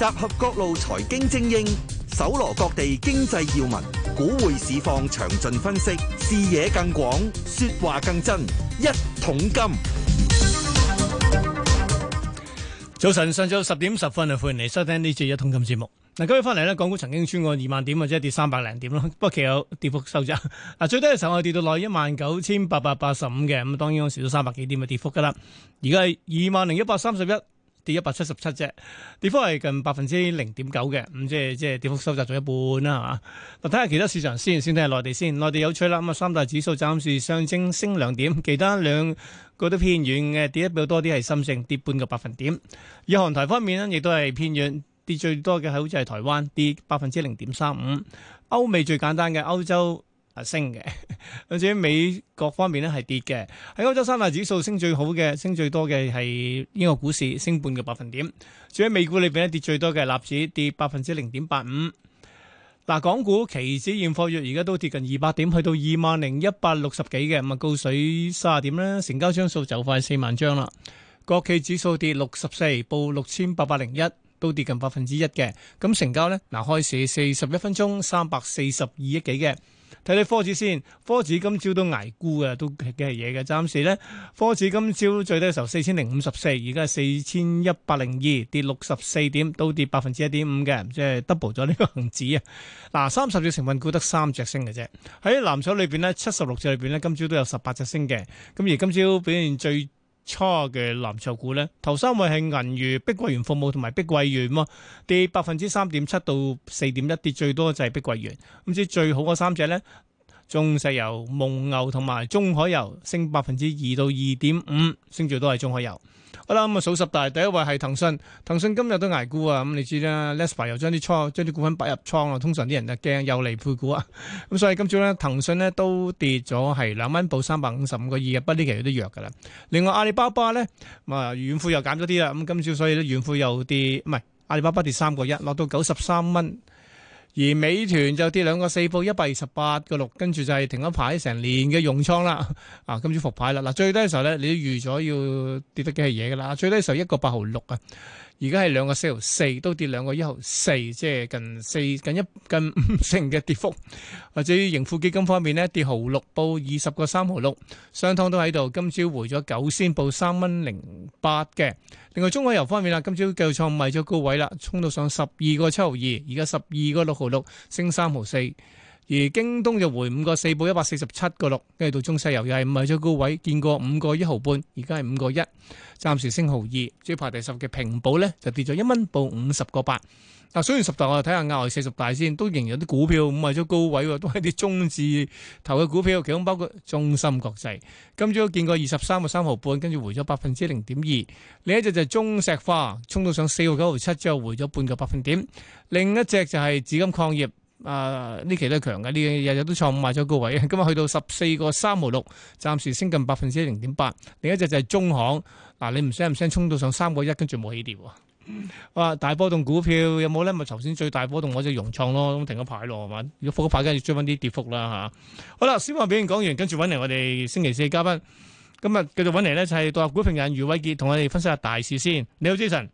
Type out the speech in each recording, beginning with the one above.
集合各路財經精英，搜羅各地經濟要聞，股匯市況詳盡分析，視野更廣，說話更真。一桶金。早晨，上晝十點十分啊，歡迎你收聽呢次一桶金節目。嗱，今日翻嚟咧，港股曾經穿過二萬點或者跌三百零點咯，不過其實有跌幅收窄。啊，最低嘅時候我跌到內一萬九千八百八十五嘅，咁當然講少咗三百幾點嘅跌幅噶啦。而家係二萬零一百三十一。跌一百七十七隻，跌幅係近百分之零點九嘅，咁即係即係跌幅收窄咗一半啦，嚇。嗱，睇下其他市場先，先睇下內地先。內地有趣啦，咁啊三大指數暫時上升升兩點，其他兩個都偏遠嘅，跌得比較多啲係深證跌半個百分點。以韓台方面呢，亦都係偏遠，跌最多嘅係好似係台灣跌百分之零點三五。歐美最簡單嘅歐洲。啊，升嘅，至於美國方面呢係跌嘅。喺歐洲三大指數升最好嘅，升最多嘅係英國股市升半嘅百分點。至於美股裏邊呢跌最多嘅，納指跌百分之零點八五。嗱、啊，港股期指現貨月而家都跌近二百點，去到二萬零一百六十幾嘅，咁咪高水卅點啦。成交張數就快四萬張啦。國企指數跌六十四，報六千八百零一，都跌近百分之一嘅。咁成交呢，嗱，開市四十一分鐘三百四十二億幾嘅。睇睇科指先，科指今朝都挨沽嘅，都幾係嘢嘅。暫時咧，科指今朝最低嘅時候四千零五十四，而家係四千一百零二，跌六十四點，都跌百分之一點五嘅，即係 double 咗呢個恒指啊！嗱，三十隻成分股得三隻升嘅啫。喺藍籌裏邊呢，七十六隻裏邊呢，今朝都有十八隻升嘅。咁而今朝表現最初嘅藍籌股呢，頭三位係銀娛、碧桂園服務同埋碧桂園喎，跌百分之三點七到四點一，跌最多就係碧桂園。咁至係最好嗰三隻呢？中石油、蒙牛同埋中海油升百分之二到二點五，升住都係中海油。好啦，咁啊數十大第一位係騰訊，騰訊今日都挨沽啊！咁、嗯、你知啦，Lespa 又將啲倉將啲股份擺入倉啦。通常啲人啊驚又嚟配股啊，咁、嗯、所以今朝咧騰訊咧都跌咗係兩蚊，報三百五十五個二。不過呢期都弱噶啦。另外阿里巴巴咧，啊、呃、軟庫又減咗啲啦。咁今朝所以咧軟庫又跌，唔、啊、係阿里巴巴跌三個一，落到九十三蚊。而美團就跌兩個四，報一百二十八個六，跟住就係停咗牌成年嘅融創啦。啊，今次復牌啦。嗱，最低嘅時候咧，你都預咗要跌得幾係嘢噶啦。最低嘅時候一個八毫六啊。而家係兩個四毫四，都跌兩個一毫四，即係近四近一近五成嘅跌幅。或者盈富基金方面呢，跌毫六，報二十個三毫六，商湯都喺度。今朝回咗九仙，報三蚊零八嘅。另外中海油方面啦，今朝繼續創埋咗高位啦，衝到上十二個七毫二，而家十二個六毫六，升三毫四。而京東就回五個四，報一百四十七個六，跟住到中石油又係 off 咗高位，見過五個一毫半，而家係五個一，暫時升毫二。最排第十嘅平保呢就跌咗一蚊，報五十個八。嗱，雖然十大我哋睇下額外四十大先，都仍有啲股票 off 咗高位，都係啲中字頭嘅股票，其中包括中芯國際。今朝見過二十三個三毫半，跟住回咗百分之零點二。另一隻就係中石化，衝到上四個九毫七之後回咗半個百分點。另一隻就係紫金礦業。啊！呢期都係強嘅，呢日日都創賣咗高位，今日去到十四個三毫六，暫時升近百分之零點八。另一隻就係中行，嗱、啊，你唔聲唔聲衝到上三個一，跟住冇起跌喎。哇！大波動股票有冇咧？咪頭先最大波動嗰隻融創咯，咁停咗牌咯，係嘛？如果復牌，梗係要追翻啲跌幅啦嚇。好啦，小話表演講完，跟住揾嚟我哋星期四嘅嘉賓，今日繼續揾嚟呢，就係獨立股評人余偉傑，同我哋分析下大市先。你好，你好，Jason。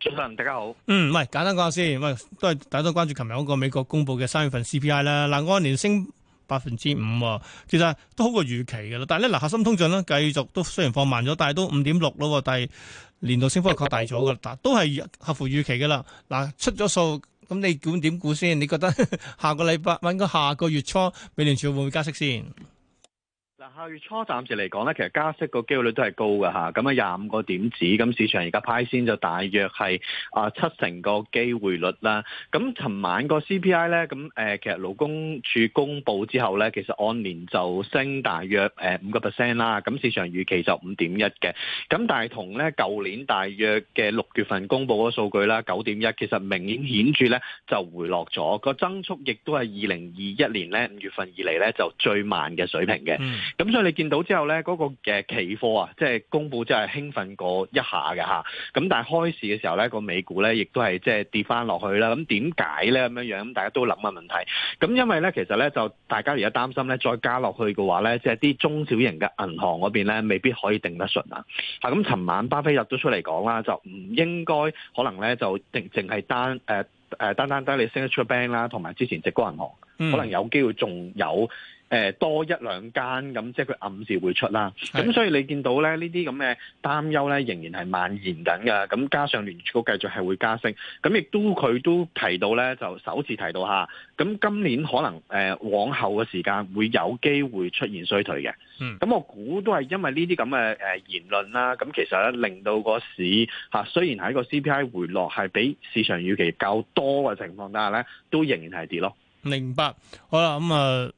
主持大家好。嗯，唔係，簡單講下先。喂，都係大家都關注琴日嗰個美國公布嘅三月份 CPI 啦。嗱、呃，按年升百分之五，其實都好過預期嘅啦。但係咧，嗱、呃，核心通脹咧繼續都，都雖然放慢咗，但係都五點六咯。但係年度升幅擴大咗噶啦，但都係合乎預期噶啦。嗱、呃，出咗數，咁你點點估先？你覺得呵呵下個禮拜，應、呃、該下個月初美聯儲會唔會加息先？下月初暫時嚟講咧，其實加息個機會率都係高嘅㗎。咁啊，廿五個點子，咁市場而家派先就大約係啊七成個機會率啦。咁尋晚個 CPI 咧，咁誒其實勞工處公佈之後咧，其實按年就升大約誒五個 percent 啦。咁市場預期就五點一嘅。咁但係同咧舊年大約嘅六月份公佈嗰數據啦，九點一，其實明顯顯著咧就回落咗。個增速亦都係二零二一年咧五月份以嚟咧就最慢嘅水平嘅。嗯咁所以你見到之後咧，嗰、那個嘅期貨啊，即係公布即係興奮過一下嘅吓，咁但係開市嘅時候咧，個美股咧亦都係即係跌翻落去啦。咁點解咧咁樣樣？咁大家都諗下問題。咁因為咧，其實咧就大家而家擔心咧，再加落去嘅話咧，即係啲中小型嘅銀行嗰邊咧，未必可以定得順啊。嚇、嗯！咁尋晚巴菲特都出嚟講啦，就唔應該可能咧就淨淨係單誒誒單單單你升得出 bank 啦，同埋之前直轄銀行可能有機會仲有。誒多一兩間咁，即係佢暗示會出啦。咁的所以你見到咧，呢啲咁嘅擔憂咧，仍然係蔓延緊嘅。咁加上聯儲局繼續係會加息，咁亦都佢都提到咧，就首次提到吓。咁今年可能誒、呃、往後嘅時間會有機會出現衰退嘅。咁、嗯、我估都係因為呢啲咁嘅誒言論啦。咁其實咧，令到個市吓雖然喺個 CPI 回落係比市場預期較多嘅情況下呢，但係咧都仍然係跌咯。明白。好啦，咁、嗯、啊。嗯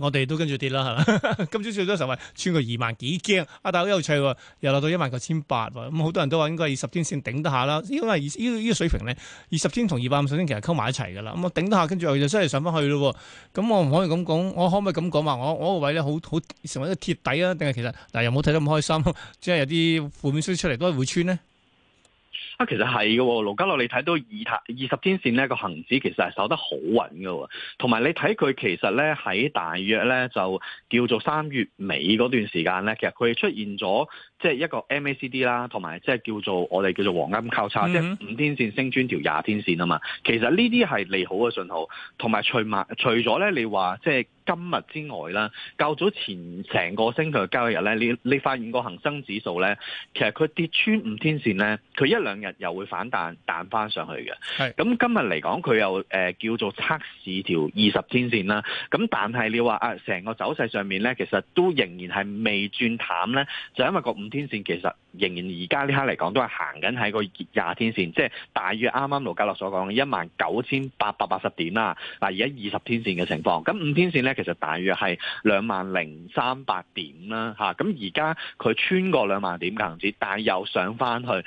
我哋都跟住跌啦，係 嘛？今朝最多十位穿過二萬幾驚，但係好有趣喎，又落到一萬九千八。咁好多人都話應該二十天先頂得下啦。因為呢呢個水平咧，二十天同二百五十天其實溝埋一齊㗎啦。咁我頂得下，跟住就真係上翻去咯。咁我唔可以咁講，我可唔可以咁講話？我我個位咧好好成為一個鐵底啊？定係其實嗱又冇睇得咁開心，即係有啲負面消息出嚟都係會穿咧。啊，其實係嘅，盧家樂，你睇到二太二十天線呢個恆指其實係守得好穩嘅，同埋你睇佢其實咧喺大約咧就叫做三月尾嗰段時間咧，其實佢出現咗。即係一個 MACD 啦，同埋即係叫做我哋叫做黃金交叉，mm hmm. 即係五天線升穿條廿天線啊嘛。其實呢啲係利好嘅信號，同埋除埋除咗咧，你話即係今日之外啦，較早前成個星期嘅交易日咧，你你發現個恒生指數咧，其實佢跌穿五天線咧，佢一兩日又會反彈彈翻上去嘅。咁係今日嚟講，佢又誒叫做測試條二十天線啦。咁但係你話啊，成個走勢上面咧，其實都仍然係未轉淡咧，就因為個五天線其實仍然而家呢刻嚟講都係行緊喺個廿天線，即係大約啱啱盧家樂所講嘅一萬九千八百八十點啦。嗱，而家二十天線嘅情況，咁五天線咧其實大約係兩萬零三百點啦，嚇。咁而家佢穿過兩萬點嘅位置，但係又上翻去。咁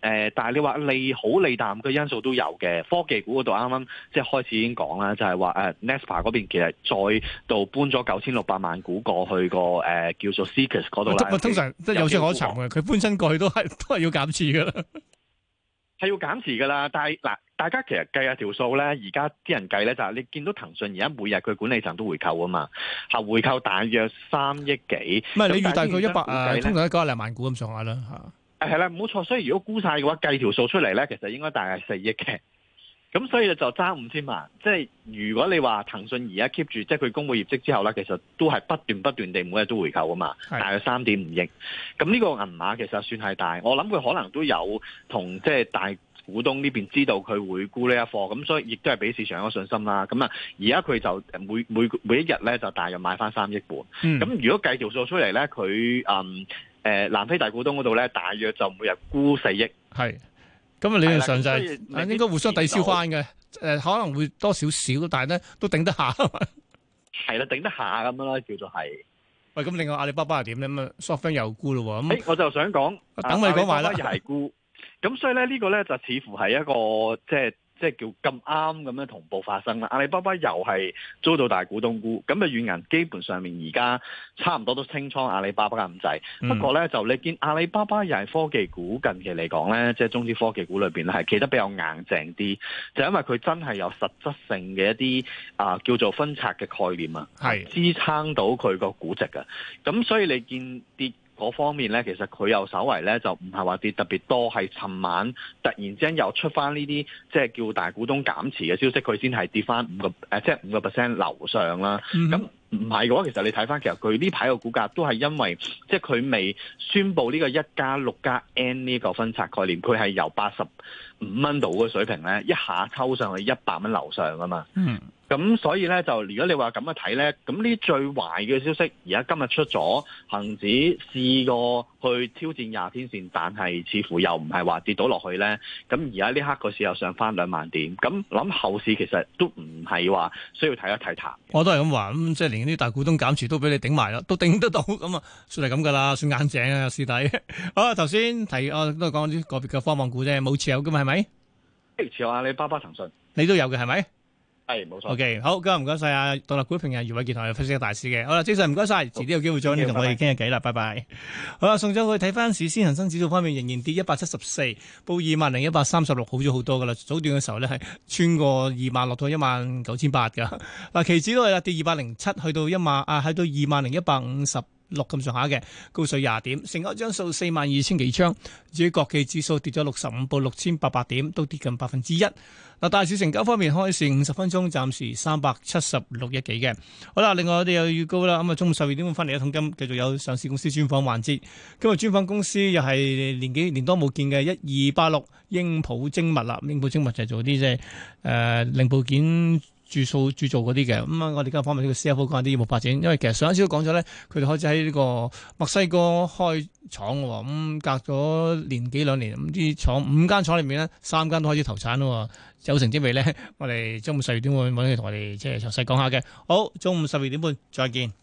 誒，但係你話利好利淡嘅因素都有嘅。科技股嗰度啱啱即係開始已經講啦，就係話誒 Naspa 嗰邊其實再度搬咗九千六百萬股過去個誒叫做 Seekers 嗰度啦。通常即係無懈可尋嘅，佢本身過去都係都係要減持噶啦，係要減持噶啦。但係嗱，大家其實計下條數咧，而家啲人計咧就係、是、你見到騰訊而家每日佢管理層都回購啊嘛，吓回購大約三億幾。唔係你預大約一百億啊，通常係幾啊兩萬股咁上下啦吓。誒係啦，冇錯。所以如果估晒嘅話，計條數出嚟咧，其實應該大約四億嘅。咁所以就爭五千萬，即係如果你話騰訊而家 keep 住，即係佢公布業績之後咧，其實都係不斷不斷地每日都回購啊嘛，大約三點五億。咁呢個銀碼其實算係大，我諗佢可能都有同即係大股東呢邊知道佢會沽呢一貨，咁所以亦都係俾市場一個信心啦。咁啊，而家佢就每每每一日咧就大約買翻三億半。咁、嗯、如果計條數出嚟咧，佢誒、嗯呃、南非大股東嗰度咧，大約就每日沽四億。係。咁啊、嗯，理論上就係、是、以應該互相抵消翻嘅，誒路可能會多少少，但係咧都頂得下。係 啦，頂得下咁樣咯，叫做係。喂，咁另外阿里巴巴係點咧？咁、嗯、啊、嗯、SoftBank 又沽咯喎。我就想講，等、啊、你講埋啦。SoftBank 又沽。咁所以咧，呢、呢個咧就似乎係一個即係。就是嗯、即係叫咁啱咁樣同步發生啦，阿里巴巴又係遭到大股東沽，咁啊軟銀基本上面而家差唔多都清倉阿里巴巴咁滯，不過咧就你見阿里巴巴又係科技股，近期嚟講咧，即係中資科技股裏邊咧係企得比較硬淨啲，就是、因為佢真係有實質性嘅一啲啊、呃、叫做分拆嘅概念啊，係支撐到佢個估值啊。咁、嗯、所以你見跌。嗰方面咧，其實佢又稍為咧就唔係話跌特別多，係尋晚突然之間又出翻呢啲即係叫大股東減持嘅消息，佢先係跌翻五個誒，即係五個 percent 樓上啦。咁唔係嘅話，其實你睇翻其實佢呢排個股價都係因為即係佢未宣布呢個一加六加 N 呢個分拆概念，佢係由八十五蚊度嘅水平咧，一下抽上去一百蚊樓上啊嘛。嗯咁所以咧，就如果你話咁樣睇咧，咁呢最壞嘅消息而家今日出咗，恒指試過去挑戰廿天線，但係似乎又唔係話跌到落去咧。咁而家呢刻個市又上翻兩萬點，咁諗後市其實都唔係話需要睇一睇踏。我都係咁話，咁即係連啲大股東減持都俾你頂埋咯，都頂得到咁啊，算係咁噶啦，算硬淨啊師弟。啊，頭先提我都係講啲個別嘅科網股啫，冇持有噶嘛係咪？即係持有阿里巴巴、騰訊，你都有嘅係咪？係冇錯。OK，好，今日唔該晒啊，獨立股評人余偉杰同埋分析嘅大師嘅。好啦，鄭生唔該晒，遲啲有機會再呢同我哋傾下偈啦，拜拜。好啦，送咗佢睇翻市先，恒生指數方面仍然跌一百七十四，報二萬零一百三十六，好咗好多噶啦。早段嘅時候咧係穿過二萬落到一萬九千八噶。嗱，期指都係啦，跌二百零七，去到一萬啊，去到二萬零一百五十。六咁上下嘅，高水廿點，成交張數四萬二千幾張。至於國企指數跌咗六十五步，六千八百點，都跌近百分之一。嗱，大市成交方面，開市五十分鐘，暫時三百七十六億幾嘅。好啦，另外我哋又預告啦。咁啊，中午十二點翻嚟一桶金，繼續有上市公司專訪環節。今日專訪公司又係年幾年多冇見嘅一二八六英普精密啦。英普精密就係做啲即係誒零部件。注塑、注做嗰啲嘅，咁、嗯、啊，我哋今日訪問呢個 CFO 講下啲業務發展，因為其實上一次都講咗咧，佢哋開始喺呢個墨西哥開廠，咁、嗯、隔咗年幾兩年，咁啲廠，五間廠裏面咧，三間都開始投產啦，有成績未咧？我哋中午十二點半揾佢同我哋即係詳細講下嘅，好，中午十二點半再見。